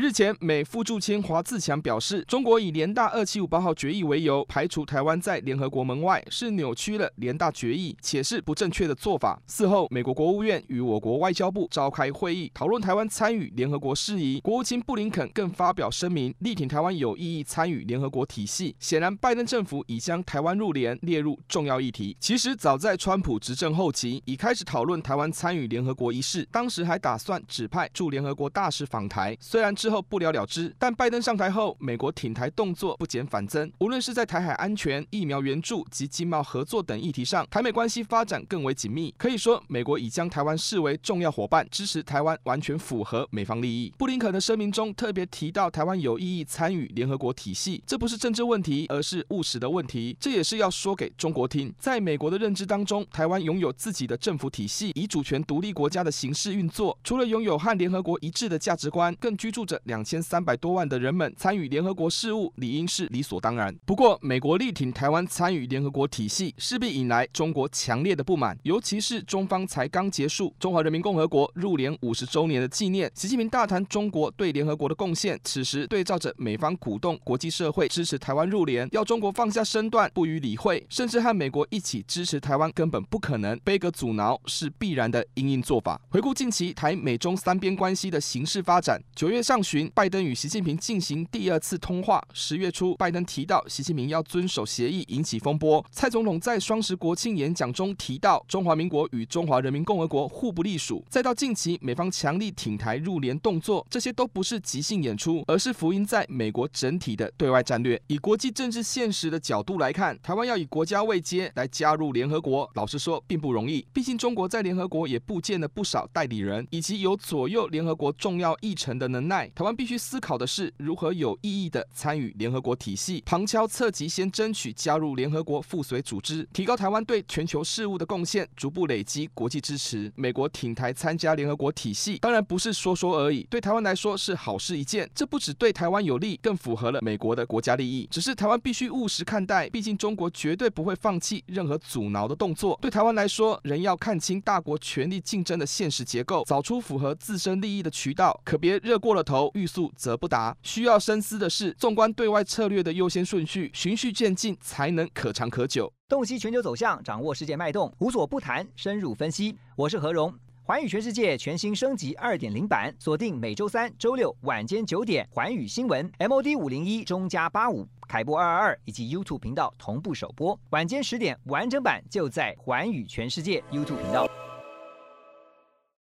日前，美副助卿華自強表示，中國以聯大二七五八號決議為由排除台灣在聯合國門外，是扭曲了聯大決議，且是不正確的做法。事後，美國國務院與我國外交部召開會議，討論台灣參與聯合國事宜。國務卿布林肯更發表聲明，力挺台灣有意義參與聯合國體系。顯然，拜登政府已將台灣入聯列入重要議題。其實，早在川普執政後期，已開始討論台灣參與聯合國一事，當時還打算指派駐聯合國大使訪台。雖然最後不了了之。但拜登上台後，美國挺台動作不減反增。無論是在台海安全、疫苗援助及經貿合作等議題上，台美關係發展更為緊密。可以說，美國已將台灣視為重要夥伴，支持台灣完全符合美方利益。布林肯的聲明中特別提到，台灣有意義參與聯合國體系，這不是政治問題，而是務實的問題。這也是要說給中國聽。在美國的認知當中，台灣擁有自己的政府體系，以主權獨立國家的形式運作。除了擁有和聯合國一致的價值觀，更居住着。兩千三百多萬的人們參與聯合國事務，理應是理所當然。不過，美國力挺台灣參與聯合國體系，勢必引來中國強烈的不滿。尤其是中方才剛結束中華人民共和國入聯五十周年的紀念，習近平大談中國對聯合國的貢獻。此時對照着美方鼓動國際社會支持台灣入聯，要中國放下身段不予理會，甚至和美國一起支持台灣，根本不可能。被個阻撓是必然的，因應做法。回顧近期台美中三邊關係的形勢發展，九月上。群拜登與習近平進行第二次通話。十月初，拜登提到習近平要遵守協議，引起風波。蔡總統在雙十國慶演講中提到，中華民國與中華人民共和國互不隸屬。再到近期，美方強力挺台入聯動作，這些都不是即興演出，而是反映在美國整體的對外戰略。以國際政治現實的角度來看，台灣要以國家位階來加入聯合國，老實說並不容易。畢竟中國在聯合國也佈建了不少代理人，以及有左右聯合國重要議程的能耐。台灣必須思考的是，如何有意義的參與聯合國體系。旁敲側擊，先爭取加入聯合國附屬組織，提高台灣對全球事務的貢獻，逐步累積國際支持。美國挺台參加聯合國體系，當然不是說說而已。對台灣來說是好事一件，這不只對台灣有利，更符合了美國的國家利益。只是台灣必須務實看待，畢竟中國絕對不會放棄任何阻撓的動作。對台灣來說，仍要看清大國權力競爭的現實結構，找出符合自身利益的渠道，可別熱過了頭。欲速則不達，需要深思的是，縱觀對外策略的優先順序，循序漸進才能可長可久。洞悉全球走向，掌握世界脈動，無所不談，深入分析。我是何榮，寰宇全世界全新升級二點零版，鎖定每周三、周六晚間九點，寰宇新聞 M O D 五零一中嘉八五凱擘二二二以及 YouTube 頻道同步首播，晚間十點完整版就在寰宇全世界 YouTube 頻道。